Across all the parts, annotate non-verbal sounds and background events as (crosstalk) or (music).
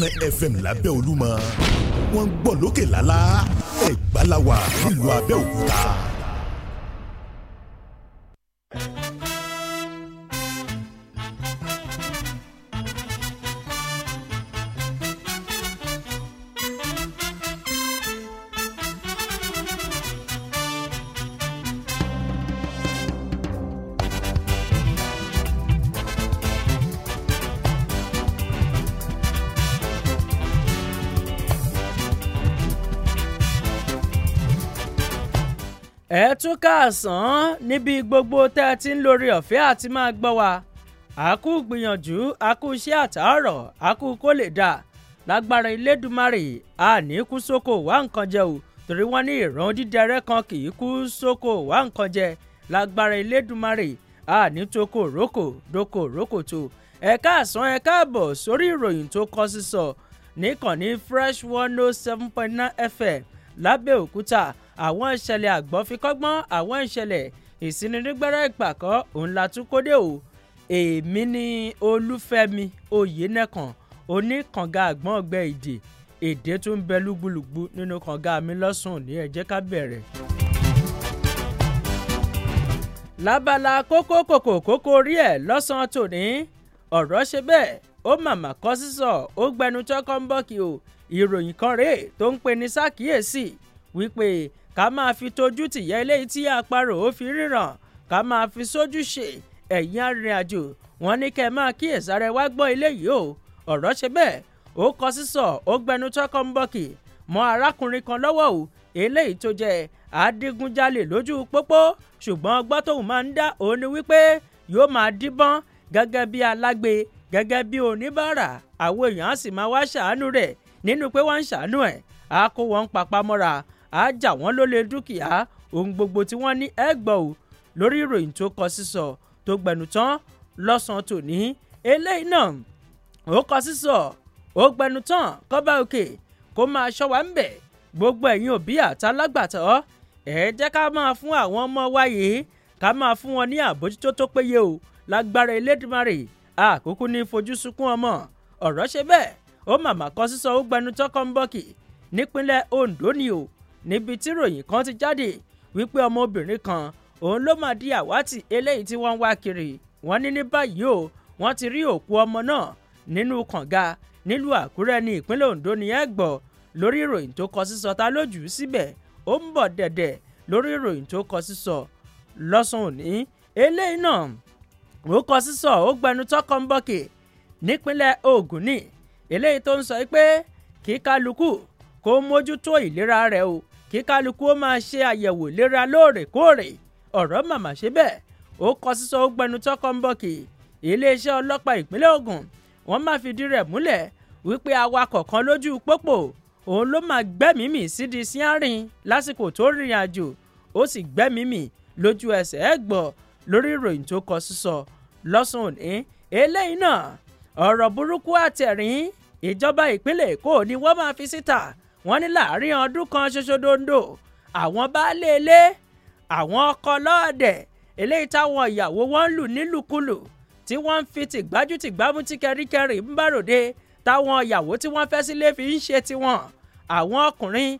nine fm lábẹ́ olúmọ wọ́n ń gbọ́ lókè lálá ẹ̀gbá la wà nílùú abẹ́òkúta. ẹ tún káàsán níbi gbogbo tẹ́ ẹ ti ń lórí ọ̀fẹ́ àti máa gbọ́ wa àkú gbìyànjú àkú iṣẹ́ àtàárọ̀ àkú kó lè dà lágbára Elédùmarè àní kú sóko wá nǹkan jẹ o torí wọ́n ní ìran dídẹrẹ́ kan kì í kú sóko wá nǹkan jẹ lágbára Elédùmarè àní toko roko doko rokoto ẹ káàsán ẹ káàbọ̀ sórí ìròyìn tó kọ sísọ nìkan fresh one oh seven point nine fm lábẹ́òkúta àwọn ìṣẹ̀lẹ̀ àgbọ̀nfikọ́gbọ́n àwọn ìṣẹ̀lẹ̀ ìsininígbẹ́rẹ́ ìpàkọ́ òun la tún kódé o èmi ní olúfẹ́mi oyènẹ́kan oníkànga àgbọ̀n ọgbẹ́ ìdè èdè tó ń bẹ lúgbúlùgbú nínú kànga mi lọ́sùn ní ẹ jẹ́ ká bẹ̀rẹ̀. lábala kókó kòkò kókó orí ẹ̀ lọ́sàn-án tòní ọ̀rọ̀ ṣe bẹ́ẹ̀ ó màmá kọ́ sísọ ó gbẹnu tọ́kọ́ ń bọ̀ kí o ìròyìn kan rèé tó ń pè ní sákìyèsí wípé ká máa fi tójú tìyẹ́ eléyìí tí àparò ó fi ríran ká máa fi sójú ṣe ẹ̀yìn arìnrìnàjò wọn ní kẹ́ ẹ máa kíyèsára ẹ wá gbọ́ eléyìí o ọ̀rọ̀ ṣe bẹ́ẹ̀ ó kọ sísọ ó gbẹnu tọkọ ń bọ̀kì mọ arákùnrin kan lọ́wọ́ o eléyìí tó jẹ́ adigunjalè lójú pópó ṣùgbọ́n ọgbọ́n tóun máa ń dá òun ni wípé yóò máa díbọ́n gẹ́gẹ́ bí alágbe gẹ́gẹ́ bí oníbàárà àwọn èèyàn á sì máa wá ṣàánú rẹ̀ nínú pé wọ́n ń ṣàánú ẹ̀ á kó wọn papá á jà wọ́n lólè dúkìá ohun gbogbo tí wọ́n ní ẹ gbọ́ ò lórí ìròyìn tó kọ sísọ tó gbẹnu tán lọ́sàn-án tòní eléyìí náà ó kọ sísọ ó gbẹnu tán kọ́bá òkè kó máa ṣọ́ wa ń bẹ̀ gbogbo ẹ̀yin òbí àtàlágbàtọ́ ẹ jẹ́ ká máa fún àwọn ọmọ wa ká máa fún wọn ní àbójútó tó péye o lágbára elédùmarè àkókò ní fojú sunkún ọmọ ọ̀rọ̀ ṣe bẹ́ẹ̀ ó màmá kọ sísọ ó gbẹnu tán kọ́ńbọ́ọ̀kì nípínlẹ̀ Ondo ni o níbi tí ròyìn kan ti jáde wípé ọmọbìnrin kan òun ló máa di àwátì eléyìí tí wọ́n ń wá kiri wọ́n ní ní báyìí o wọ́n ti rí òkú ọmọ náà nínú kànga nílùú àkúrẹ́ ní ìpínlẹ̀ ondo ní ẹ̀gbọ́ lórí ìròyìn tó kọ sísọ ta lójú síbẹ̀ ó ń bọ̀ dẹ̀dẹ̀ lórí ìròyìn tó kọ sísọ lọ́sàn òní eléyìí náà ó kọ sísọ ó gbẹnu tọkànbọ̀kì nípínlẹ̀ ogun ní eléyìí tó ń sọ pé kí kó mójútó ìlera rẹ̀ o kí kálukú ó máa ṣe àyẹ̀wò ìlera lóòrèkóòrè ọ̀rọ̀ màmá ṣe bẹ́ẹ̀ ó kọ sísọ ó gbẹnu tọkọ ń bọ̀ kì iléeṣẹ́ ọlọ́pàá ìpínlẹ̀ Ògùn wọ́n máa fìdí rẹ̀ múlẹ̀ wípé awakọ̀ kan lójú pópó òun ló máa gbẹ́mìí mì sídìí síárìn lásìkò tó rìnrìn àjò ó sì gbẹ́mìí lójú ẹsẹ̀ ẹ̀ gbọ́ lórí ìròyìn tó kọ sísọ lọ́sùn òní eléyìí náà ọ̀rọ̀ burúkú àtẹ̀rín ìjọba ìpínlẹ̀ Èkó ni wọ́n máa fi síta wọ́n ní láàrin ọdún kan ṣoṣo dondo àwọn baálé ilé àwọn ọkọ lọ́ọ̀dẹ̀ eléyìí táwọn ìyàwó wọn lù nílùkulù tí wọ́n ń fi tìgbájú tìgbámú tí kẹríkẹrí ń bàròde táwọn ìyàwó tí wọ́n fẹ́ sílé fi ń ṣe tiwọn àwọn ọkùnrin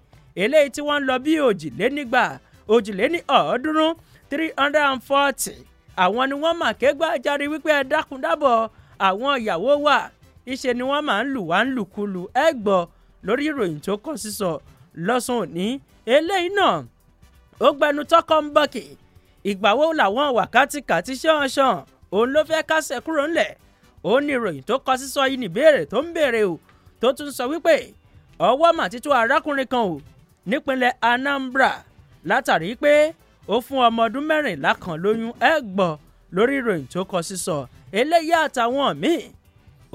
eléyìí tí wọ́n ń lọ bí òjìlénígba òjìléní ọ̀ọ́dúnrún three hundred and forty àwọn ni wọ́n mà ké gbàjáre wípé ẹ dákun dábọ̀ àwọn ìyàwó wa ìṣe ni wọ́n máa ń lù wá ń lùkulù ẹ gbọ́ lórí ìròyìn tó kọ sísọ lọ́sùn òní eléyìí náà ó gbẹnu tọkọ ń bọ̀kì ìgbà wo làwọn wákàtí kàti ṣánṣán òun ló fẹ́ kásẹ̀ kúrò ńlẹ̀ òun ni ìròyìn tó kọ sísọ yìí níbèrè tó ń béèrè o tó tún sọ wípé ọwọ́ màtítù arákùnrin kan o nípínlẹ̀ Anambra látàrí pé ó fún ọmọ ọdún mẹ́rìnlá kan lóyún ẹ gbọ́ lórí ìròyìn tó kọ sísọ eléyìí àtàwọn míì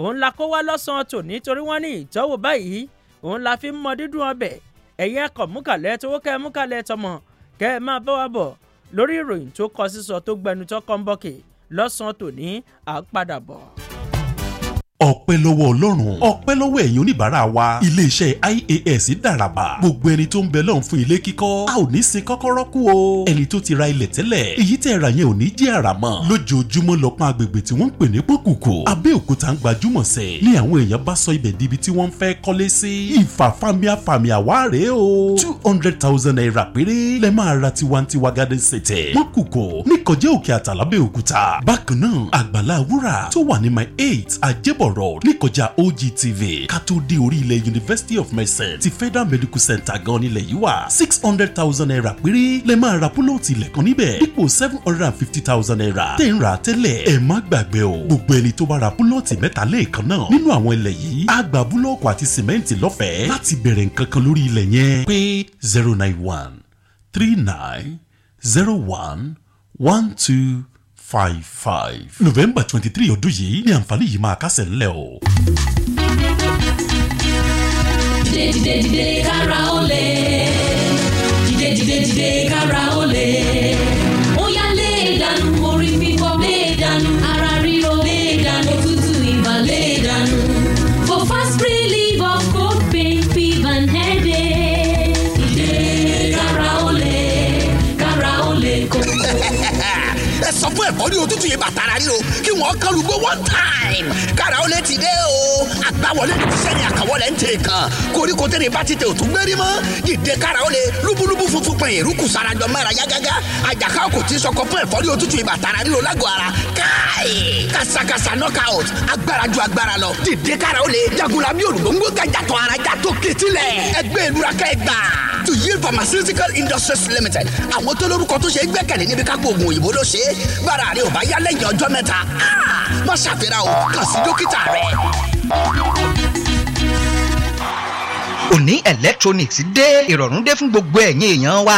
òun la kó wá lọ́sàn-án tòní torí wọ́n ní ìtọ́wò báyìí òun la fi ń mọ dídùn ọbẹ̀ ẹ̀yin ẹ̀kọ́ múkàlẹ́ tówó kẹ́ múkàlẹ́ tọmọ kẹ́ ẹ máa bá wa bọ̀ lórí ìròyìn tó kọ sísọ tó gbẹnu tó kọ́ ń bọ̀kì lọ́sàn-án tòní à ń padà bọ̀ ọpẹ́ lọ́wọ́ ọlọ́run ọpẹ́ lọ́wọ́ ẹ̀yin oníbàárà wa iléeṣẹ́ ias dàràbà gbogbo ẹni tó ń bẹ lọ́hùn fún ilé kíkọ́ a ò ní sin kọ́kọ́rọ́ kú o ẹni tó ti ra ilẹ̀ tẹ́lẹ̀ èyí tẹ́ ra yẹn ò ní jẹ́ àrà mọ́ lójoojúmọ́ agbègbè tí wọ́n ń pè ní pọ́kùkù abẹ́òkúta ń gbajúmọ̀ sẹ̀ ni àwọn èèyàn bá sọ ibẹ̀ di ibi tí wọ́n fẹ́ kọ́lé sí ìfàfàmìàfàmì àwárẹ̀ o two hundred thousand naira péré lẹ́ máa ra tiwantiwa garden city pọ́kùkù níkọjẹ́ òkè àtàlábẹ́òkúta bákan náà àgbàlá wúrà tó wà my eight àjẹbọ̀ Labour Road níkọjá OGTV ká tó dé orí ilẹ̀ University of Medicine ti Federal Medical Center gan nílẹ̀ yìí wà six hundred thousand naira péré lè máa ra púlọ̀tì ilẹ̀ kan níbẹ̀ dípò seven hundred and fifty thousand naira tẹ̀ ń ra tẹ́lẹ̀ ẹ̀ má gbàgbé o gbogbo ẹni tó bá ra púlọ̀tì mẹ́ta lẹ́ẹ̀kan náà nínú àwọn ilẹ̀ yìí á gba búlọ̀kù àti sìmẹ́ǹtì lọ́fẹ̀ẹ́ láti bẹ̀rẹ̀ nǹkan lórí ilẹ̀ yẹn pé zero nine one three nine zero one one two five five. november twenty three ọdún yìí ni àǹfààní yìí máa kásẹ̀ ńlẹ̀ o. dìde kára ó lè dìde kára ó lè. ẹ̀fọ́rí òtútù yìí bàtàrà ríro kí wọ́n kálukó one time kára ó lè ti dé o àgbàwọlé ti sẹ́ni àkàwọlé ń tè kàn koríko tẹ́lẹ̀ bá ti tẹ̀ òtún gbérí mọ́ dìde kára ó lè lúbúlúbú funfun pẹ̀yìn rúkù sarajọ mẹ́ra yágágá àjàká kò tí sọkọ fún ẹ̀fọ́rí òtútù yìí bàtàrà ríro lágọ̀ọ́ ara káì kàṣàkàṣà knockout agbára ju agbára lọ dìde kára ó lè jagunla olùgbòǹgbò gàjàtọ̀ ara jàtọ̀ kẹtìlẹ̀ ẹgbẹ́ ìlúrakẹ́ gbà to yield pharmaceutical industries limited àwọn tó lórúkọ tó ṣe gbẹ́kẹ̀lé níbi kápò tágbára rẹ ò bá yá lẹ́yìn ọjọ́ mẹ́ta ah, má ṣàfihàn o kàn sí dókítà rẹ. òní electronics dé ìrọ̀rùn dé fún gbogbo ẹ̀yin èèyàn wa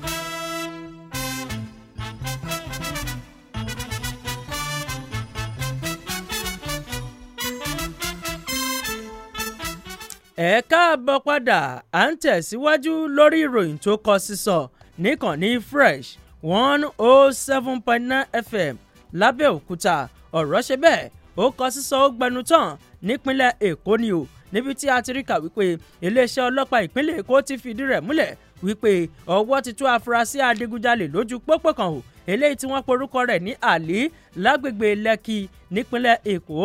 ẹ káàbọ̀ padà à ń tẹ̀síwájú lórí ìròyìn tó kọ sísọ níkànnì fresh one oh seven point nine fm lábẹ́òkúta ọ̀rọ̀ ṣe bẹ́ẹ̀ ó kọ sísọ ó gbẹnu tán nípínlẹ̀ èkó ni o níbi tí a ti rí kà wípé iléeṣẹ́ ọlọ́pàá ìpínlẹ̀ èkó ti fìdí rẹ̀ múlẹ̀ wípé ọwọ́ ti tú afurasí adigunjalè lójú pópó kan o eléyìí tí wọ́n porúkọ rẹ̀ ní àlí lágbègbè lẹ́kì nípínlẹ̀ èkó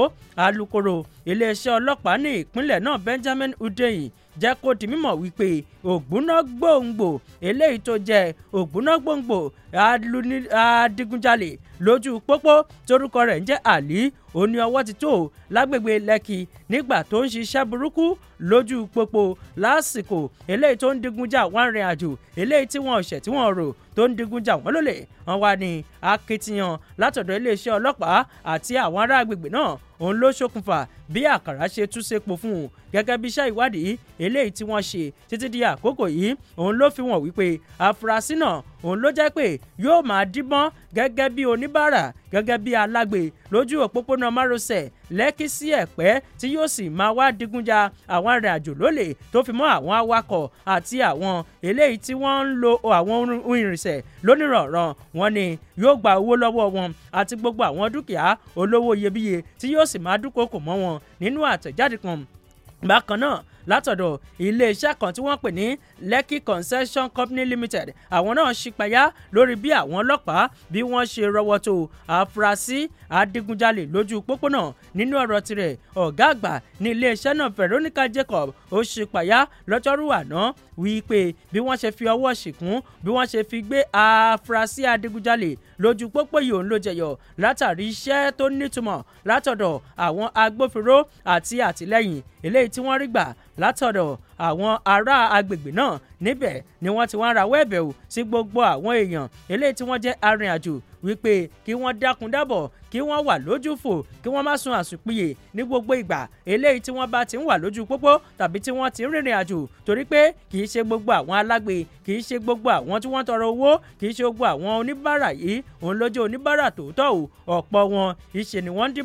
alukoro iléeṣẹ́ ọlọ́pàá ní ìpínlẹ̀ náà benjamin hundeyin jẹ́ kó di mímọ̀ wípé ògbóná gbòǹgbò eléyìí tó jẹ́ ògbóná gbòǹgbò adigunjalè lójú pópó torúkọ rẹ̀ ń jẹ́ àlí òun ọwọ́ ti tó lágbègbè lẹ́kì nígbà tó ń ṣiṣẹ́ burúkú lójú pópó lásìkò eléyìí tó ń digunjà wọ́n rìn àjò eléyìí tí wọ́n ṣẹ̀ tí wọ́n rò tó ń digunjà wọ́n lólè wọ́n wá ní akitiyan látọ̀dọ̀ iléeṣẹ́ ọlọ́pàá àti àwọn ará agbègbè náà òun ló ṣokùnfà bí àkàrà ṣe tú sépo fún un gẹ́gẹ́ bí iṣẹ́ ìwádìí eléyìí tí wọ́n ṣe títí di àkókò yìí òun ló fi wọ́n wípé afurasí náà òun ló jẹ́ pé yóò máa díbọ́n gẹ́gẹ́ bí oníbàárà gẹ́gẹ́ bí alágbe lójú òpópónà márosẹ̀ lẹ́kí sí ẹ̀pẹ́ tí yóò sì máa wá digunja àwọn arìnrìnàjò lólè tó fi mọ́ àwọn awakọ̀ àti àwọn eléyìí tí wọ́n ń lo àwọn ohun ìrìnsẹ̀ lónìrànràn wọn ni yóò gba owó lọ́wọ́ wọn àti gbogbo àwọn dúkìá olówó iyebíye tí yóò sì máa dúnkokò mọ́ wọn nínú àtẹ̀jáde kan bákan náà látọ̀dọ̀ iléeṣẹ́ kan tí wọ́n pè ní Lekki Concession Company Limited àwọn náà ṣípayá lórí bí àwọn ọlọ́pàá bí wọ́n ṣe rọwọ́ tó afurasí adigunjalè lójú pópónà nínú ọ̀rọ̀ tirẹ̀ ọ̀gá àgbà ní iléeṣẹ́ náà Veronica Jacob ó ṣípayá lọ́jọ́rú àná wípé bí wọ́n ṣe fi ọwọ́ ṣìkún bí wọ́n ṣe fi gbé afurasí adigunjalè lójú pópó yìí òun ló jẹyọ látàrí iṣẹ́ tó nítumọ̀ látọ̀dọ̀ àwọn agbófinró àti àtìlẹ́yìn eléyìí tí wọ́n rí gbà látọ̀dọ̀ àwọn ará agbègbè náà níbẹ̀ ni wọ́n ti wá ń rawọ́ ẹ̀bẹ̀ sí gbogbo àwọn èèyàn eléyìí tí wọ́n jẹ́ arìnrìn wípé kí wọ́n dákun dábọ̀ kí wọ́n wà lójú fò kí wọ́n má sun àsùnpìyè ní gbogbo ìgbà eléyìí tí wọ́n bá ti ń wà lójú pópó tàbí tí wọ́n ti ń rìnrìn àjò torí pé kì í ṣe gbogbo àwọn alágbe kì í ṣe gbogbo àwọn tí wọ́n tọrọ owó kì í ṣe gbogbo àwọn oníbàárà yìí òun ló oníbàárà tòótọ́ o ọ̀pọ̀ wọn ìṣe ni wọ́n ń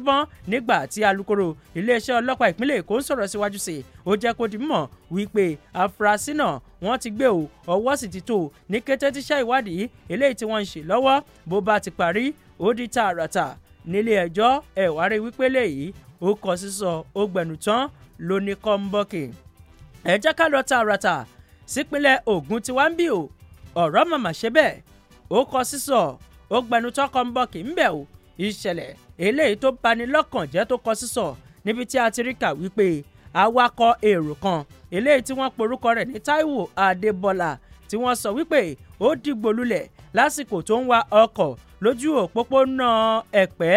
nígbà tí alukoro iléeṣẹ́ ọlọ́pàá ìpínlẹ̀ Èkó ń sọ̀rọ̀ síwájú sí i ó jẹ́ kó di mọ̀ wípé afurasí náà wọ́n ti gbé o ọwọ́ sì ti tó o ní kété tíṣẹ́ ìwádìí eléyìí tí wọ́n ń ṣe lọ́wọ́ bó bá ti parí ó di tààràtà nílé ẹjọ́ ẹ̀ wá rí wípé léyìí ó kọ sísọ ó gbẹ̀nù tán ló ní kọ́ńbọ́ọ̀kì ẹ jẹ́ ká lọ tààràtà sípínlẹ̀ Ògùn tí wá ń bì o ọ̀rọ̀ màmá ṣe bẹ́ẹ̀ ó kọ sísọ ó gbẹ̀nù tán kọ́ńbọ́ọ̀kì ń bẹ̀ o ìṣẹ̀lẹ̀ eléyìí tó bani lọ́kàn jẹ́ tó kọ sísọ níbi tí a ti rí kà wípé awakọ̀ èrò kan eléyìí tí wọ́n porúkọ rẹ̀ ní Táíwò Adébọ́lá tí wọ́n sọ wípé ó dìgbòlulẹ̀ lásìkò tó ń wa ọkọ̀ lójú òpópónà Ẹ̀pẹ́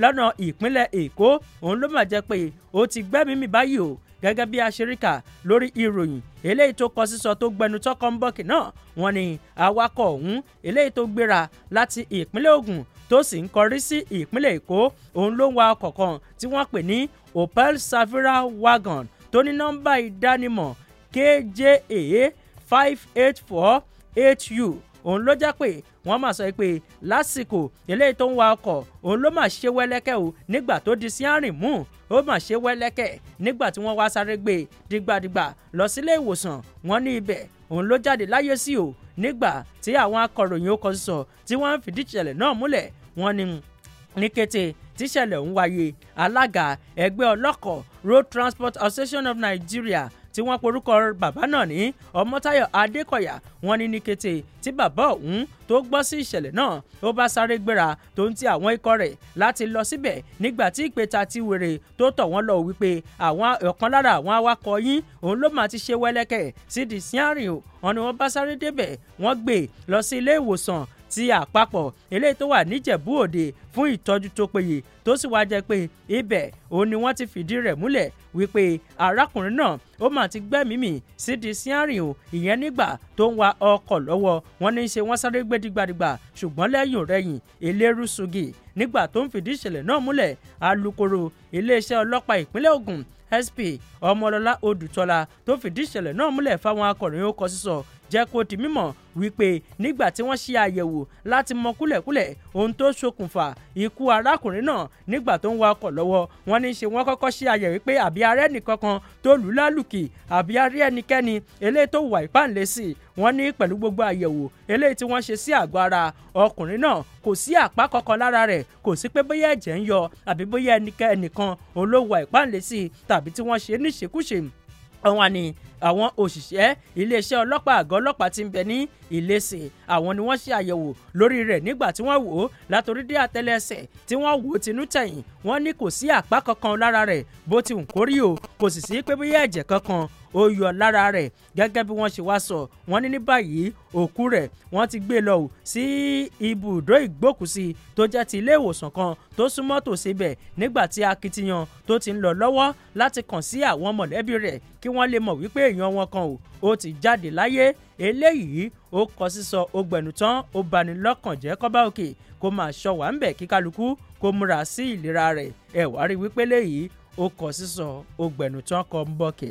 lọ́nà ìpínlẹ̀ Èkó òun ló mà jẹ́ pé ó ti gbẹ́mìí mì báyìí o gẹ́gẹ́ bí aṣeríkà lórí ìròyìn eléyìí tó kọ sísọ tó gbẹnu tọkọ ń bọ̀kì náà wọ́n ní awakọ̀ ọ̀hún eléyìí tó gbéra láti ìpínlẹ̀ Ògùn tó sì ń kọrí sí ìpínlẹ̀ Èkó òun ló ń wa ọkọ̀ kan tí wọ́n pè ní Opel Savira wagon tó ní nọ́mbà ìdánimọ̀ KJA five eight four eight u òun ló jẹ́ pé wọ́n máa sọ pé lásìkò eléyìí tó ń wa ọkọ̀ òun ló máa ṣe wẹ́lẹ́kẹ́ o nígbà tó di sí àrìn mú ó mà ṣe wẹ́lẹ́kẹ̀ nígbà tí wọ́n wá sáré gbé e dìgbàdìgbà lọ sílé ìwòsàn wọn ní ibẹ̀ òun ló jáde láyé sí o nígbà tí àwọn akọ̀ròyìn ó kọ sọ tí wọ́n ń fìdí ìṣẹ̀lẹ̀ náà múlẹ̀ wọ́n ní ní kété tíṣẹ̀lẹ̀ ń wáyé alága ẹgbẹ́ ọlọ́kọ̀ road transport association of nigeria tí wọ́n porúkọ bàbá náà ní ọmọtáyọ̀ adékọ̀yà wọn ní ní kété tí bàbá ọ̀hún tó gbọ́ sí ìṣẹ̀lẹ̀ náà ó bá sáré gbéra tó ń ti àwọn ikọ̀ rẹ̀ láti lọ síbẹ̀ nígbà tí ìpẹta ti wèrè tó tọ̀ wọ́n lọ wípé àwọn ọ̀kan lára àwọn awakọ̀ yín òun ló máa ti ṣe wẹ́lẹ́kẹ̀ sídìí síárìn o wọn bá sáré débẹ̀ wọ́n gbé e lọ sí ilé ìwòsàn ti àpapọ̀ eléyìí tó wà níjẹ̀bú òde fún ìtọ́jú tó péye tó sì wá jẹ́ pé ibẹ̀ òun ni wọ́n ti fìdí rẹ̀ múlẹ̀ wípé arákùnrin náà ó mà ti gbẹ́mìí sídìí sí o ìyẹn nígbà tó ń wa ọkọ̀ lọ́wọ́ wọn ní í ṣe wọ́n sáré gbé dìgbàdìgbà ṣùgbọ́n lẹ́yìn rẹ̀yìn eléru sugi nígbà tó ń fìdí ìṣẹ̀lẹ̀ náà múlẹ̀ alukoro iléeṣẹ́ ọlọ́pàá ìpínlẹ̀ Ògùn SP ọmọlọlá odùtọ́lá tó fìdí ìṣẹ̀lẹ̀ náà múlẹ̀ fáwọn akọ̀ròyìn ó kọ sísọ jẹ́ kó di mímọ̀ wípé nígbà tí wọ́n ṣe àyẹ̀wò láti mọ kúlẹ̀kúlẹ̀ ohun tó ṣokùnfà ikú arákùnrin náà nígbà tó ń wa ọkọ̀ lọ́wọ́ wọ́n ní ṣe wọ́n kọ́kọ́ ṣe àyẹ̀wò wípé àbí arẹ́ nìkankan tó lù lálùkì àbí arẹ́ ẹnikẹ́ni eléyìí tó wà ìpáǹlẹ̀ sí i wọ́n ní pẹ̀lú gbogbo àyẹ̀wò eléyìí tí wọ́n ṣe sí àgọ́ ara ọkùnrin náà kò sí àpá kankan lára rẹ̀ kò sí pé bóyá ẹ̀jẹ̀ ń yọ àbí bóyá ẹnìkan òun ló tàbí tí wọ́n ṣe níṣekúṣe àwọn àní àwọn òṣìṣẹ́ iléeṣẹ́ ọlọ́pàá àgọ́ ọlọ́pàá ti ń bẹ ní ìlẹ́sẹ̀ àwọn ni wọ́n ṣe àyẹ̀wò lórí rẹ̀ nígbà tí wọ́n wò ó látòrí dé àtẹlẹsẹ̀ tí wọ́n wò ó tinú tẹ̀yìn wọ́n ní kò sí àpá kankan lára rẹ̀ bó ti ń kórìí o kò sì sí pé bóyá ẹ̀jẹ̀ kankan ó yọ lára rẹ̀ gẹ́gẹ́ bí wọ́n ṣe wá sọ wọ́n ní ní báyìí òkú rẹ̀ wọ́n ti gbé lọ sí ibùdó ìgbókùsí tó jẹ́ ti ilé ìwòsàn kan tó súnmọ́ tòsíbẹ̀ nígbà tí akitiyan tó ti ń lọ lọ́wọ́ láti kàn sí àwọn mọ̀lẹ́bí rẹ̀ kí wọ́n lè mọ̀ wípé èèyàn wọn kan ò ó ti jáde láyé eléyìí ó kọ sísọ ogbẹ̀nù tán ó bani kọ́bá òkè kó máa ṣọ wà ń bẹ̀ kí kálukú kó múra sí ìlera rẹ̀ ẹ̀ wípé léyìí ó kọ sísọ ogbẹ̀nù kọ́ ń bọ̀ kè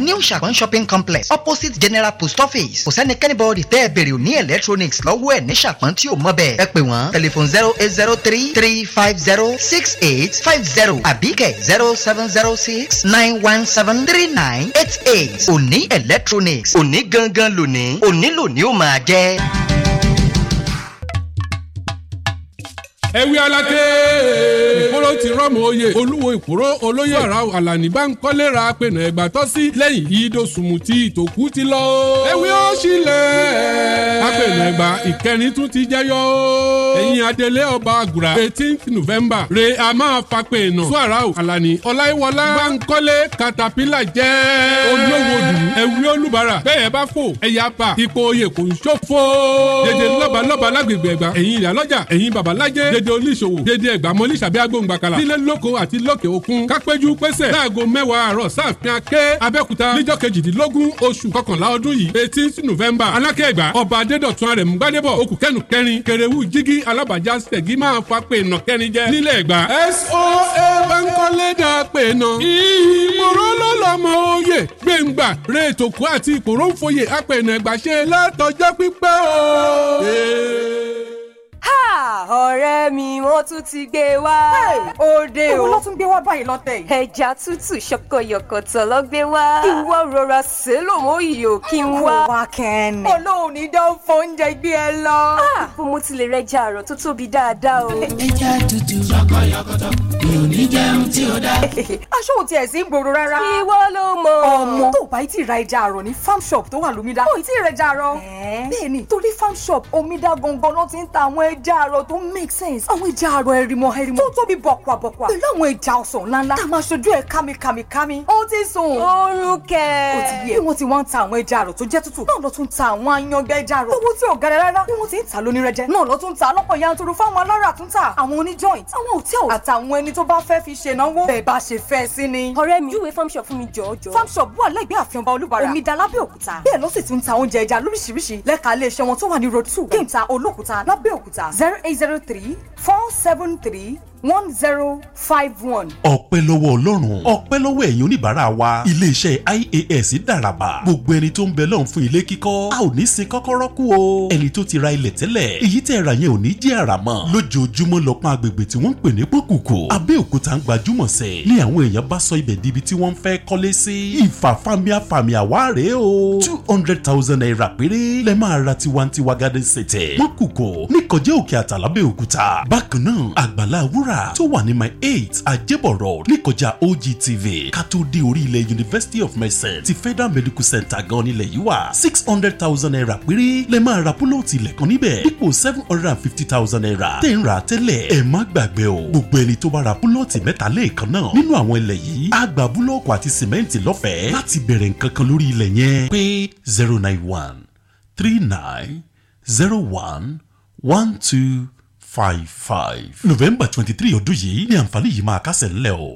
new Ṣàpọ́n shopping complex opposite general post office kò sẹ́ni kẹ́nìbọ̀dì tẹ́ ẹ bèrè ní electronics lọ́wọ́ ẹ̀ ní Ṣàpọ́n tí o mọ̀ bẹ́ẹ̀ ẹ pè wọ́n tẹlifon zero eight zero three three five zero six eight five zero àbíkẹ́ zero seven zero six nine one seven three nine eight eight òní electronics òní gangan lónìí òní lónìí ó máa jẹ́. ewé alate, ìkóró ti rọ́mọ oyè olúwo ìkóró olóyè ara àlàní bá ń kọ́lé ra pènà ẹ̀gbà tọ́ sí lẹ́yìn ìdòsùnmù tí ìtòkú ti lọ. ewé ó sílẹ̀. apènà ẹ̀gbà ìkẹrin tún ti jẹyọ. ẹ̀yin adelé ọba àgùrà eighteenth november re a máa fa pènà suarau àlàní ọláyíwọlá bá ń kọ́lé katapila jẹ́ olówodù ewé olúbara bẹ́ẹ̀ bá fò ẹ̀yà bà ipò oyè kò ń ṣòfò. dèdè lọ́balọ́ba lágbègbè ẹ̀gbà ẹ̀yin ìyálọ́jà ẹ̀yin babalájẹ́ dédé oníṣòwò dédé ẹgbàmọ oníṣàbí agbóhùngbàkàlà nílé lóko àti lókè òkun kápẹ́jú pẹ́sẹ̀ láago mẹ́wàá àárọ̀ sáàfin aké abẹ́òkúta níjọ́ kejìdínlógún oṣù kọkànlá ọdún yìí eighteenth november alákẹ́gbà ọba adédọ̀tun arẹ̀mú gbádébọ̀ òkú kẹ́nu kẹrin kẹrẹ́wù jígí alábàjá sẹ̀gí máa fa pé nà kẹ́ni jẹ́ nílẹ̀ ẹ̀gbà. soa bankole dà pé nà. ìmọ̀ràn lọ́lọ́mọ oyè gbẹ̀ngbà rẹ̀ ètò kú àti ìpòròǹfòyè apẹ̀nà ẹ̀gbà ṣe látọjọ́ pípẹ́ o ọ̀rẹ́ mi wọ́n tún ti gbé wá. òde o. èwo ló tún gbé wá báyìí lọ́tẹ̀ yìí. ẹja tútù ṣọkọyọkọtọ lọ gbé wá. Ah! kí n wá rọra ṣe lòmóyì o kí n wá. kò wá kẹ́ni. olóhùn ní dán fóúnjẹ gbé ẹ lọ. Ah! bó mo ti lè rẹja àrọ̀ tó tóbi dáadáa o. ẹja tútù ṣọkọyọkọtọ mi ò ní jẹun tí ó dá. (laughs) aṣọ òtí ẹ̀ sí ń gbòòrò rárá. ìwọ ló mọ. ọmọ tó bá ti ra ẹja àrọ̀ ní farm shop tó wà lómìnira. ó ì tí ì rẹja àrọ̀. bẹ́ẹ̀ ni torí farm shop omidá gangan ló ti ń ta àwọn ẹja ẹja àrọ̀ tó make sense àwọn ẹja àrọ̀ ẹ̀rìmọ̀ ẹ̀rìmọ̀ tó tóbi bọ̀kùàbọ̀kùà pẹ̀lú àwọn ẹja ọ̀sán ńláńlá tá a máa ṣojú ẹ̀ kámikàmikàmi ó ti sùn. orúkẹ́. ó ti yẹ bí wọ́n ti wá ń ta àwọn ẹja àrọ̀ tó jẹ́ tútù náà ló tún ta àwọn ayangbẹ́ ẹja àrọ̀ owó tí ò gara rárá bí wọ́n ti ń ta lónírẹ́jẹ náà ló tún ta lọ́pọ̀ yanturu fáwọn alára tún ta àwọn oní joint àwọn hòtẹ́ẹ̀lì àtàwọn ẹni tó bá fẹ́ fi ṣe náwó bẹ́ẹ̀ bá ṣe fẹ́ sí ni. ọ̀rẹ́ mi júwe farm shop fún mi jọ̀ọ́jọ́. farm shop wà lẹ́gbẹ̀ẹ́ àfihàn ọba olúbara omidan lábẹ́òkúta bẹ́ẹ̀ ló sì tún ta oúnjẹ ẹja lóríṣiríṣi lẹ́ka iléeṣẹ́ wọn tó wà ní road two kéńtà olókùúta lábẹ́òkúta zero eight zero three four seven three one zero five one. ọpẹ́ lọ́wọ́ ọlọ́run ọpẹ́ lọ́wọ́ ẹ̀yin oníbàárà wa iléeṣẹ́ ias dàràbà gbogbo ẹni tó ń bẹ lọ́hùn fún ilé kíkọ́ a ò ní sin kọ́kọ́rọ́ kú o ẹni tó ti ra ilẹ̀ tẹ́lẹ̀ èyí tẹ́ ra yẹn ò ní jẹ́ àrà mọ́ lójoojúmọ́ lọ́pọ̀n agbègbè tí wọ́n ń pè ní pọ́kùkù abẹ́òkúta ń gbajúmọ̀ sẹ̀ ni àwọn èèyàn bá sọ ibẹ̀ dibi tí wọ́n fẹ́ kọ́lé two hundred thousand naira péré lẹ́ máa ra tiwantiwa garden city pọ́kùkù níkọjẹ́ òkè àtàlábẹ́òkúta bákan náà àgbàlá wúrà kwara tó wà ní my eight ajébọ̀ road níkọjá ogtv ká tó dé orí ilẹ̀ university of medicine ti federal medical center gan nílẹ̀ yìí wà six hundred thousand naira péré lè máa ra pólóòtì ilẹ̀ kan níbẹ̀ dípò seven hundred and fifty thousand naira tẹ̀ ń ra tẹ́lẹ̀ ẹ̀ má gbàgbé o gbogbo ẹni tó bá ra pólóòtì mẹ́ta lẹ́ẹ̀kan náà nínú àwọn ilẹ̀ yìí á gba búlọ́ọ̀kù àti sìmẹ́ǹtì lọ́fẹ̀ẹ́ láti bẹ̀rẹ̀ nǹkan lórí ilẹ̀ yẹn pé zero nine one three nine zero one one two five five. november twenty three ọdún yìí ni àǹfààní yìí máa kásẹ̀ ńlẹ̀ o.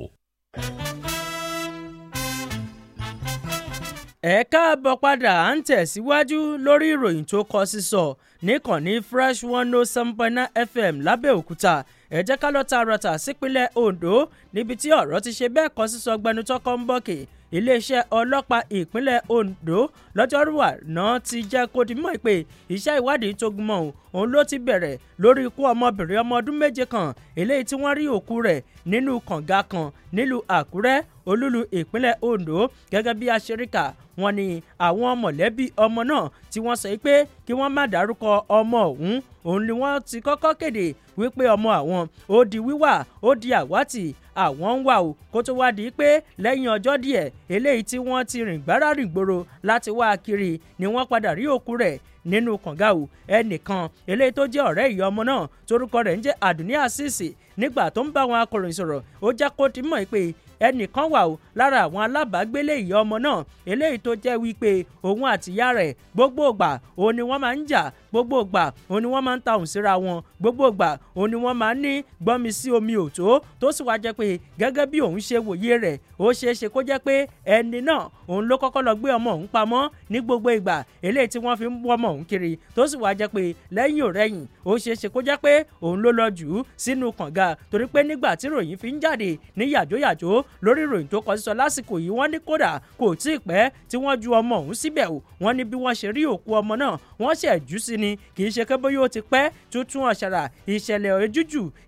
ẹ káàbọ̀ padà à ń tẹ̀síwájú lórí ìròyìn tó kọ sísọ níkànnì fresh one oh seven point nine fm lábẹ́òkúta ẹ jẹ́ ká lọ tààràtà sípínlẹ̀ ondo níbi tí ọ̀rọ̀ ti ṣe bẹ́ẹ̀ kọ sísọ gbẹnutọ́kọ́ ń bọ̀kì iléeṣẹ́ ọlọ́pàá ìpínlẹ̀ ondo lọ́jọ́rú àná ti jẹ́ kó di mọ̀ pé iṣẹ́ ìwádìí tó gúnmọ́ òun ló ti bẹ̀rẹ̀ lórí ikú ọmọbìnrin ọmọ ọdún méje kan eléyìí tí wọ́n rí òkú rẹ̀ nínú kànga kan nílùú Àkúrẹ́ olúlu ìpínlẹ̀ Ondo gẹ́gẹ́ bí aṣeríkà wọ́n ní àwọn mọ̀lẹ́bí ọmọ náà tí wọ́n sọ pé kí wọ́n má dárúkọ ọmọ ọ̀hún òun ni wọ́n ti kọ́kọ́ kéde wípé ọmọ àwọn ó di wíwà ó di àwátì àwọn ń wà ó kó tó wá di pé lẹ́yìn ọjọ́ díẹ̀ eléyìí tí wọ́n ti rìn gbára rìn gbòòrò láti wá wá a kiri ni wọ́n padà rí òkú rẹ̀ nínú kànga o ẹnìkan eléyìí tó jẹ́ ọ̀rẹ́ ìyá ọmọ náà torúkọ rẹ̀ ń jẹ́ àdùnní àṣìṣì nígbà tó ń bá àwọn akọ̀ròyìn sọ̀rọ̀ ó já kó ti mọ̀ pé ẹnìkan wà ó lára àwọn alábàágbélé ìyá ọmọ náà eléyìí tó jẹ́ wípé òun àtìyá rẹ̀ gbogbo ìgbà òun ni wọ́n máa ń jà gbogbo ìgbà òun ni wọ́n máa ń ta òun síra wọn gbogbo ìgbà òun ni wọ́n máa ń ní gbọ́nmi sí omi òtó tó sì wá jẹ́ pé gẹ́gẹ́ bí òun ṣe wòye rẹ̀ ó ṣeé ṣe kó jẹ́ pé ẹni náà òun ló kọ́kọ́ lọ gbé ọmọ òun pamọ́ ní gbogbo ìgbà eléyìí tí wọ́n fi ń wọ́ ọmọ òun kiri tó sì wá jẹ́ pé lẹ́yìn òrẹ́yìn ó ṣeé ṣe kó jẹ́ pé òun ló lọ jù ú sínú kànga torí pé nígbà tí ròyìn fi ń jáde ní yàjóyàjó lórí ìròyìn tó kọ sísọ lásìkò yìí wọ́n ní kódà kò tí ì pẹ́ tí wọ́n ju ọmọ òun síbẹ̀ wọ́n ní bí wọ́n ṣe rí òkú ọmọ náà wọ́n ni kì í ṣe pé bóyá ti pẹ́ tó tún ìṣẹ̀lẹ̀ ọ̀rẹ́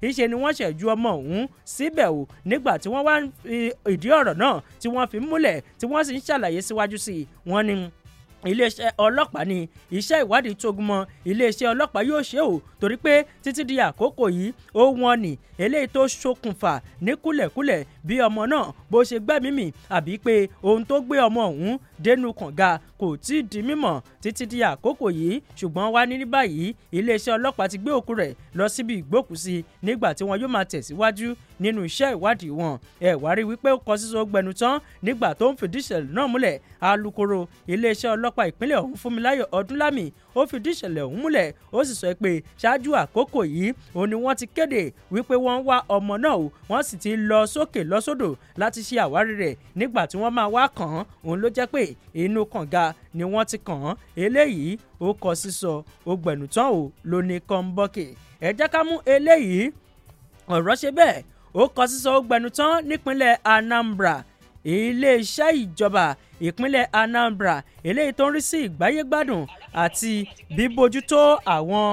ìṣe ni wọ́n ṣẹ̀jú ọmọ ọ̀hún síbẹ̀ o nígbà tí wọ́n wá ìdí ọ̀rọ̀ náà tí wọ́n fi múlẹ̀ tí wọ́n sì ń ṣàlàyé síwájú sí i wọ́n ní iléeṣẹ́ ọlọ́pàá ni iṣẹ́ ìwádìí tó gúnmọ́ iléeṣẹ́ ọlọ́pàá yóò ṣe ò torí pé títí di àkókò yìí ó wọ́n ní eléyìí tó ṣokùnfà ní kúlẹ̀kúlẹ̀ bí ọmọ náà bó ṣe gbẹ́mímì àbí pé ohun tó gbé ọmọ ọ̀hún dénú kànga kò tí ì di mímọ̀ títí di àkókò yìí ṣùgbọ́n wá ní ní báyìí iléeṣẹ́ ọlọ́pàá ti gbé òkú rẹ̀ lọ síbi ìgbókùsí nígbà tí wọn yóò máa tẹ̀síwájú nínú iṣẹ́ ìwádìí wọn ẹ̀ wá rí wípé ó kọ síso gbẹnu tán nígbà tó ń fìdí ìṣẹ̀lẹ̀ náà múlẹ̀ alūkkóró iléeṣẹ́ ọlọ́pàá ìpínlẹ̀ ọ̀hún fúnmiláyọ̀ ọdúnlámì ó fìdí ìṣẹ̀lẹ̀ ọ̀hún múlẹ̀ ó sì sọ pé ṣáájú àkókò yìí òun wọ́n ti kéde wípé w wọ́n ń wá ọmọ náà o wọ́n sì ti lọ sókè lọ́sódò láti ṣe àwárí rẹ̀ nígbà tí wọ́n máa wá kàn án òun ló jẹ́ pé inú kànga ni wọ́n ti kàn án eléyìí ó kọ sísọ ó gbẹ̀nù tán o ló ní kọ́ńbọ́kì ẹ jẹ́ ká mú eléyìí ọ̀rọ̀ ṣe bẹ́ẹ̀ ó kọ sísọ ó gbẹ̀nù nípínlẹ̀ Anambra iléeṣẹ́ ìjọba ìpínlẹ̀ Anambra eléyìí tó ń rí sí ìgbáyégbádùn àti bíbójútó àwọn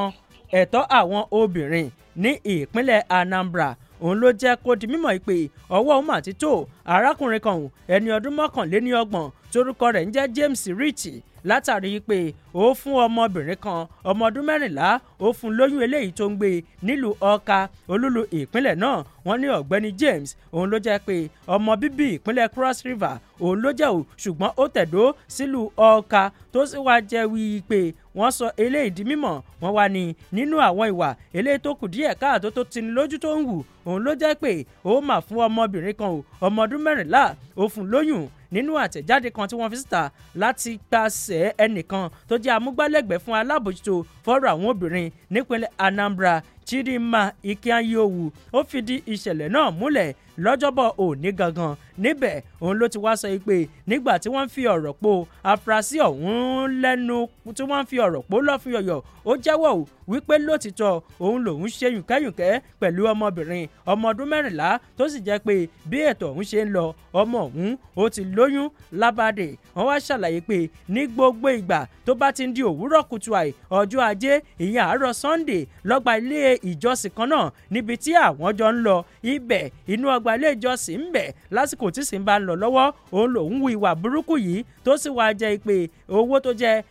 ẹ̀tọ́ àwọn obìnrin ní ìpínlẹ̀ anambra òun ló jẹ́ kó di mímọ̀ ìpè ọwọ́ ọmọ àti tó arákùnrin kan ẹni ọdún mọ́kànléní ọgbọ̀n torúkọ rẹ̀ ń jẹ́ james ritchie látàrí pé ó fún ọmọbìnrin kan ọmọ ọdún mẹ́rìnlá ó fún lóyún eléyìí tó ń gbé nílùú ọ̀ka olúlu ìpínlẹ̀ náà wọ́n ní ọ̀gbẹ́ni James òun ló jẹ́ pé ọmọ bíbí ìpínlẹ̀ Cross River òun ló jẹ́ ò ṣùgbọ́n ó tẹ̀dó sílùú ọ̀ka tó sì wá jẹ́ wíi pé wọ́n sọ eléyìí di mímọ̀ wọ́n wá ní nínú àwọn ìwà eléyìí tó kù díẹ̀ káàtó tó ti ní lójú tó ń wù òun ló jẹ́ pé ó mà fún ọmọbìnrin kan ò ọmọ ọdún mẹ́rìnlá ó fún lóyún nínú àtẹ̀jáde kan tí wọ́n fi síta láti gbàṣẹ ẹnìkan tó jẹ́ amúgbálẹ́gbẹ̀ẹ́ fún alábòjútó fọ́rọ̀ àwọn obìnrin nípínlẹ̀ Anambra Chidinma Ikeanyowu ó fìdí ìṣẹ̀lẹ̀ náà múlẹ̀ lọ́jọ́bọ̀ òní gangan níbẹ̀ òun ló ti wá sọ pé nígbà tí wọ́n fi ọ̀rọ̀ po afurasí ọ̀hún lẹ́nu tí wọ́n fi ọ̀rọ̀ po lọ́fíọ̀yọ̀ ó jẹ́wọ́ wípé lótìtọ́ òun lòun ṣe yùnkẹ́yùnkẹ́ pẹ̀lú ọmọbìnrin ọmọ ọdún mẹ́rìnlá tó sì jẹ́ pé bí ètò ọ̀hún ṣe ń lọ ọmọ ọ̀hún ó ti lóyún lábàdé wọ́n wá ṣàlàyé pé ní gbogbo ìgbà tó bá ti ń di òwúrọ̀ kùtù àì ọjọ́ ajé ìyẹn àárọ̀ Sunday lọ́gbà ilé ìjọsìn kan náà níbi tí àwọn jọ ń lọ ibẹ̀ inú ọgbà ilé ìjọsìn ń bẹ̀ lásìkò àkókò tí sì ń bá lọ lọ́wọ́ òun lòún hu ìwà burúkú yìí tó sì wá jẹ ìpè owó tó jẹ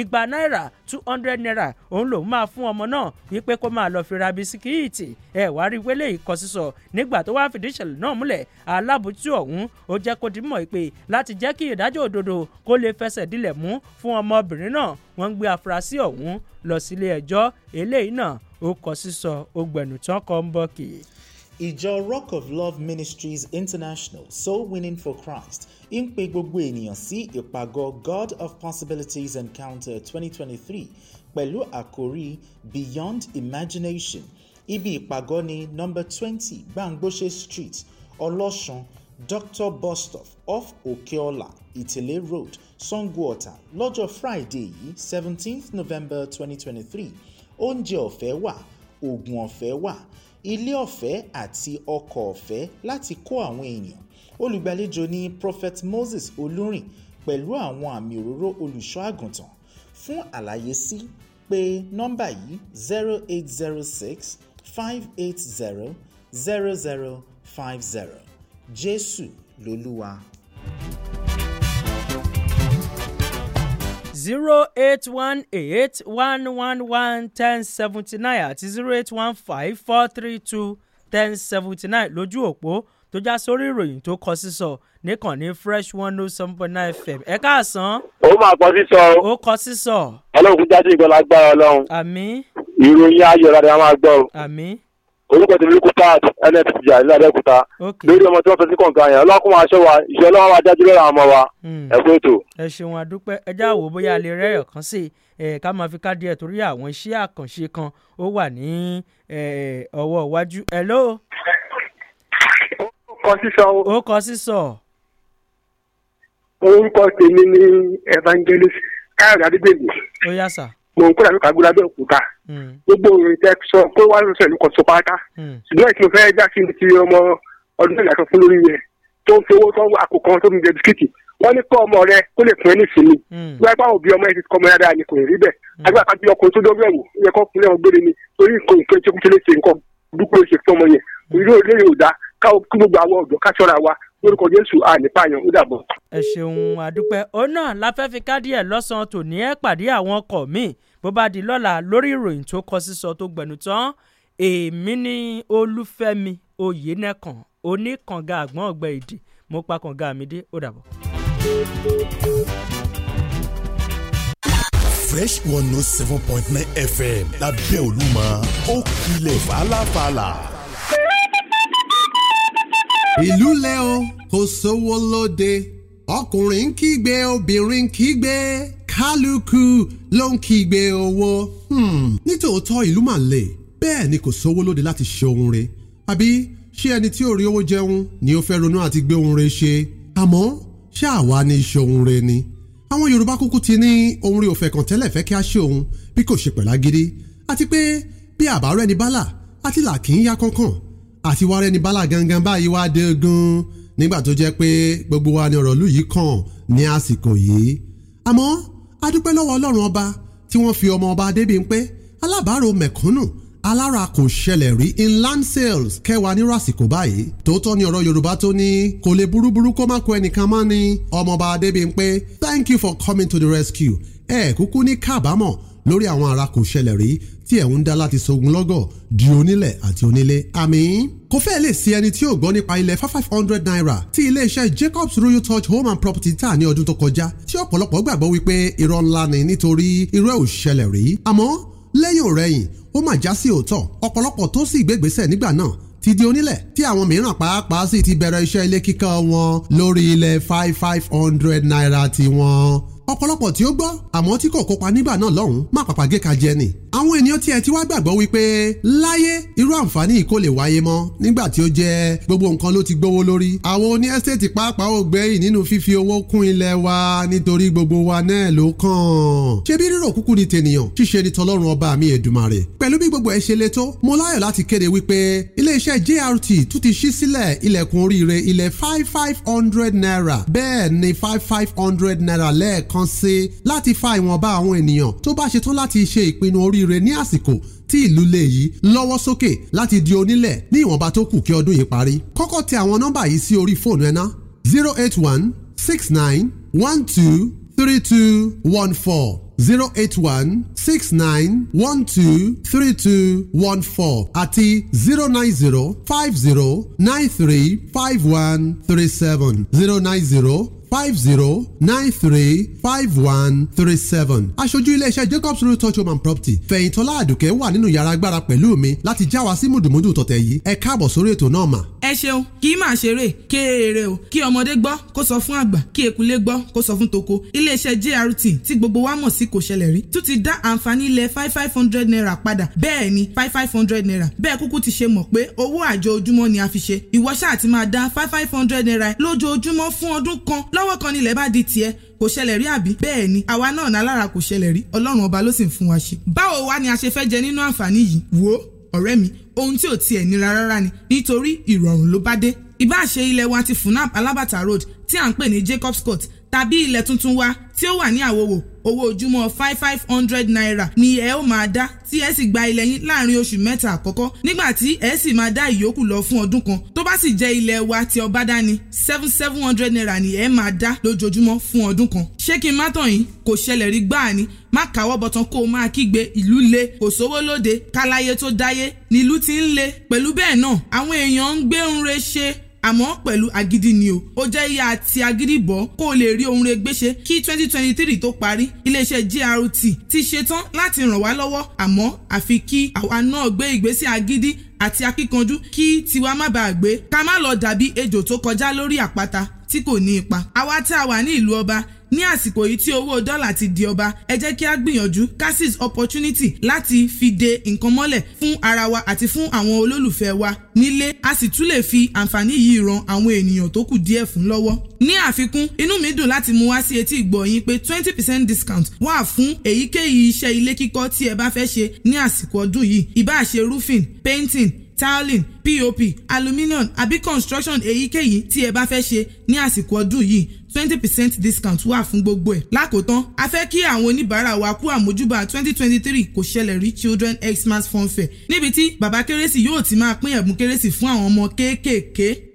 igba náírà two hundred naira òun lòún máa fún ọmọ náà wípé kó máa lọ fi ra bisikíìtì ẹ wá rí wẹ́lẹ̀ ìkọ sísọ nígbà tó wáá fìdí ìṣẹ̀lẹ̀ náà múlẹ̀ alábòjútó ọ̀hún ó jẹ́ kó di mọ̀ pé láti jẹ́ kí ìdájọ́ òdodo kó lè fẹsẹ̀ dilẹ̀ mú fún ọmọbìnrin náà wọ́n ń gbé afurasí ọ̀hún lọ sílé ẹjọ́ eléyìí náà ó kọ sísọ ó gbẹ̀nù tán kọ́ Ìjọ Rock of Love Ministries International Soul Winning for Christ ń pe gbogbo ènìyàn sí ìpàgọ́ God of Possibilities Encounter 2023 pẹ̀lú àkórí Beyond Imagination ibi ìpàgọ́ ní nọ́mbà 20 Gbangbose Street Ọlọ́sàn Dr. Bostoff off Okeola Ìtẹ̀lé Road Sango-Ọ̀tà lọ́jọ́ Friday yìí 17th November 2023 oúnjẹ ọ̀fẹ́ wà oògùn ọ̀fẹ́ wà ilé ọ̀fẹ́ àti ọkọ̀ ọ̀fẹ́ láti kó àwọn èèyàn olùgbàlejò ni prophet moses olúrìn pẹ̀lú àwọn àmì òróró olùṣọ́ àgùntàn fún àlàyé sí pé nọ́mbà yìí zero eight zero six five eight zero zero zero five zero jésù lolúwa. zero eight one eight one one one ten seventy nine àti zero eight one five four three two ten seventy nine lójú òpó tó já sórí ìròyìn tó kọ sísọ níkànnì fresh one oh seven point nine fm ẹ káàsán. ó máa kọ sísọ. ó kọ sísọ. ọlọ́run kún jáde ìgbọ́lá gbára ọlọ́run. àmín. ìròyìn ayọ̀ rẹ̀ a máa gbọ́. àmín orúkọ tèmi kú pad ns jà ní abẹ́òkúta lórí ọmọ tí wọ́n fẹ́ sí kọ̀ǹga yẹn ọlọ́kùnrin aṣọ wa ìṣẹ́ ọlọ́wọ́ wa dájú lọ́rọ̀ àwọn ọmọ wa hmm. ẹ̀kú ètò. ẹ ṣeun àdúpẹ́ ẹjẹ́ àwò bóyá a lè rẹ́ ọ̀kan sí i ká máa fi ká díẹ̀ torí àwọn iṣẹ́ àkànṣe kan ó wà ní ọwọ́ iwájú. hello. ó kọ sísọ. ó kọ sísọ. orúkọ tèmi ni evangelist káyọ̀dé adébẹ̀lẹ̀. ó yá sà. mò ń kúrò àbíkàgbọ́ Hmm. gbogbo òròyìn tẹ sọ pé wàá lọ sẹ̀lú kan tó pátá hmm. ṣùgbọ́n ìkìlọ̀ fẹ́ já sí ti ọmọ ọdún mẹ́ta fún lórí rẹ̀ tó ń fi owó tó ń àkókò tó ń jẹ bisikíìtì wọ́n ní kọ́ ọmọ rẹ kó lè pín ní ìsinmi hmm. wọ́n bá òbí ọmọ yẹn ti kọ́ ọmọ yàrá ni kò rí bẹ́ẹ̀ agbára kan bí ọkùnrin tó dọ́gbẹ́ wò ó yẹ kó kúnlẹ̀ ọgbẹ́rẹ́ ni torí nǹkan ìpín tí kúkú lè ṣe nǹkan dúpọ̀ ṣe fún ọmọ yẹn òyìnbó ilé yóò dá káwọn kí gbogbo àwọn ọ̀dọ́ ká ṣọ́ra wa lórúkọ jésù à nípa ó dàbọ̀. ẹ ṣeun àdúpẹ́ òun náà la fẹ́ fi ká díẹ̀ lọ́sàn-án tòní ẹ pàdé àwọn ọkọ̀ míì bó bá di lọ́la lórí ìròyìn tó kọ sísọ tó gbẹ̀nu tán èmi ní olúfẹ́mi oyènẹ́kan oníkànga àgbọ̀n ọ̀gbẹ́ ìdì mo pa kànga mi dé ó dàbọ̀. fresh one note oh seven point nine fm lábẹ́ olúmọ ó kilẹ̀ fàlàfàlà ìlú lẹ o kò sówó lóde ọkùnrin ń kígbe obìnrin ń kígbe kálukú ló ń kígbe owó. Hmm, nítòótọ́ ìlú mà le bẹ́ẹ̀ ni kò sówó lóde láti ṣe ohun re àbí ṣé ẹni tí ò rí owó jẹun ni ó fẹ́ ronú àti gbé ohun re ṣe àmọ́ ṣé àwa ní iṣẹ́ ohun re ni. àwọn yorùbá kúkú ti ní ohun re òfẹ́ kan tẹ́lẹ̀ fẹ́ kí a ṣe ohun bí kò ṣe pẹ̀lágídí àti pé bí àbárò ẹni bá là àti là kì í kánkán àti wàrẹ́ ní bálà gangan báyìí wá dé gan nígbà tó jẹ́ pé gbogbo wa ni ọ̀rọ̀ lù yìí kàn ní àsìkò yìí àmọ́ adúpẹ́ lọ́wọ́ ọlọ́run ọba tí wọ́n fi ọmọ ọba Adébímpé alábàárò mẹ̀kúnnù alára kò ṣẹlẹ̀ rí in land sales kẹwàá nírú àsìkò báyìí tòótọ́ ni ọ̀rọ̀ Yorùbá tó ní kò lè burúburú kó má kó ẹnìkan mọ́ ni ọmọọba Adébímpé thank you for coming to the rescue ẹ kúkú ní kábàámọ̀ lórí àwọn ará kò ṣẹlẹ̀ rí tí ẹ̀hún dá láti sogun lọ́gọ̀ di onílẹ̀ àti onílé àmín. kò fẹ́ lè sí ẹni tí ò gbọ́ nípa ilẹ̀ five hundred naira tí iléeṣẹ́ Jacobs Royal Touch Home and Property tà ní ọdún tó kọjá tí ọ̀pọ̀lọpọ̀ gbàgbọ́ wípé irọ́ ńlá ni nítorí irú ẹ̀ ò ṣẹlẹ̀ rí àmọ́ lẹ́yìn ọ̀rẹ́yìn ó mà já sí òótọ́ ọ̀pọ̀lọpọ̀ tó sì gbégbèsè nígbà náà ti di onílẹ̀ tí àwọn mìíràn pàápàá sì ti bẹ̀rẹ̀ iṣẹ́ ilé kíkọ́ wọn lórí ilẹ̀ five five hundred naira tiwọn ọ̀pọ̀lọpọ̀ tí ó gbọ́ àmọ́ tí kò kópa nígbà náà lọ́hùn má pàpà gé ka jẹ ni. àwọn ènìyàn tiẹ̀ ti wá gbàgbọ́ wípé láyé irú àǹfààní yìí kò lè wáyé mọ́ nígbà tí ó jẹ́ gbogbo nǹkan ló ti gbówó lórí. àwọn oní ẹ́stéètì pàápàá ò gbẹ́yìn nínú fífi owó kún ilẹ̀ wa nítorí gbogbo wa náà ló kàn. ṣé bí rírò kúkú ni tènìyàn ṣíṣe ni tọlọ́run ọba mi Èdùmàrè. pẹ̀lú bí gbogbo ẹ ṣe le tó mo láyọ̀ láti kéde wípé iléeṣẹ́ JRT tún ti ṣí sílẹ̀ ilẹ̀kùn oríire ilẹ̀ five five hundred naira bẹ́ẹ̀ ni five five hundred naira lẹ́ẹ̀kan kan ṣe láti fa ìwọ̀nba àwọn ènìyàn tó bá ṣetán láti ṣe ìpinnu oríire ní àsìkò tí ìlú lè yí lọ́wọ́ sókè láti di onílẹ̀ ní ìwọ̀nba tó kù kí ọdún yìí parí. kọ́kọ́ tẹ àwọn nọ́mbà yìí sí orí fóònù ẹ̀ ná zero eight one six nine one two three two one four zero eight one six nine one two three two one four àti zero nine zero five zero nine three five one three seven zero nine zero five zero nine three five one three seven. aṣojú iléeṣẹ́ Jacobs real touch home and property fẹ̀yìntọ́lá àdùkẹ́ wà nínú yàrá agbára pẹ̀lú mi láti já wa sí mùdùmùdù tọ̀tẹ̀ yìí ẹ káàbọ̀ sórí ètò náà mà. ẹ ṣeun kì í máa ṣeré kéèrè e o kí ọmọdé gbọ́ kó sọ fún àgbà kí ekulé gbọ́ kó sọ fún toko iléeṣẹ́ JRT tí gbogbo wa mọ̀ sí kò ṣẹlẹ̀ rí tún ti dá àǹfààní ilẹ̀ five five hundred naira padà bẹ́ẹ̀ ni five five hundred naira bẹ́ẹ̀ kúkú ti ṣe mọ̀ pé owó àjọ ojúmọ́ fi five hundred naira lójoojúmọ́ fún ọdún kan lọ́wọ́ kan nílẹ̀ bá di tiẹ̀ kò ṣẹlẹ̀ rí àbí bẹ́ẹ̀ ni àwa náà nálára kò ṣẹlẹ̀ rí ọlọ́run ọba ló sì ń fún wa ṣe. báwo wá ni a ṣe fẹ́ jẹ nínú àǹfààní yìí wò ọ̀rẹ́ mi ohun tí ò tiẹ̀ nira rárá ni nítorí ìrọ̀rùn ló bá dé. ìbáṣe ilẹ̀ wa ti funab alabata road tí à ń pè ní Jacob's Court tàbí ilẹ̀ tuntun wa tí ó wà ní àwòwò owó ojúmọ́ five five hundred naira ni ẹ ó máa dá tí ẹ sì gba ilẹ̀ yín láàrin oṣù mẹ́ta àkọ́kọ́ nígbà tí ẹ sì máa dá ìyókù lọ fún ọdún kan tó bá sì jẹ́ ilẹ̀ wa ti ọba dání seven seven hundred naira ni ẹ máa dá lójoojúmọ́ fún ọdún kan ṣé kí n má tàn yín kò ṣẹlẹ̀ rí gbáà ni má káwọ́ bọ̀tán kó o máa kígbe ìlú le kò sówó lóde káláyé tó dáyé nílùú ti ń le pẹ̀lú bẹ́ẹ̀ náà àwọn èèyàn ń gbé ń re ṣe àmọ́ pẹ̀lú agidi ni o ó jẹ́ ìyá ti agidi bọ́ kó o lè rí ohun rẹ̀ gbéṣe kí twenty twenty three tó parí iléeṣẹ́ GRT ti ṣetán láti ràn wá lọ́wọ́ àmọ́ àfi kí àwa náà gbé ìgbésẹ̀ agídí àti akíkanjú kí tiwa má bàa gbé ká má lọ dàbí ejò tó kọjá lórí àpáta tí kò ní ipa àwa tá a wà ní ìlú ọba ní àsìkò yìí tí owó dọ́là ti di ọba ẹ jẹ́ kí a gbìyànjú ká opportunity láti fi de nǹkan mọ́lẹ̀ fún ara wa àti fún àwọn olólùfẹ́ wa nílé a sì tún lè fi àǹfààní yìí ran àwọn ènìyàn tó kù díẹ̀ fún lọ́wọ́. ní àfikún inú mi dùn láti mú wá sí etí ìgbọ́ pé twenty percent discount wà fún èyíkéyìí iṣẹ́ ilé kíkọ́ tí ẹ bá fẹ́ ṣe ní àsìkò ọdún yìí ìbáà ṣe roofing painting tiling pop aluminium àbí construction èyíkéyìí tí ẹ bá fẹ́ ṣe ní àsìkò ọdún yìí twenty percent discount wà fún gbogbo ẹ̀. lákòótán a fẹ́ kí àwọn oníbàárà wa kú àmójúbà twenty twenty three kò ṣẹlẹ̀ rí children xmas funfair níbi tí bàbá kérésì yóò ti máa pín ẹ̀bùn kérésì fún àwọn ọmọ kéékèèké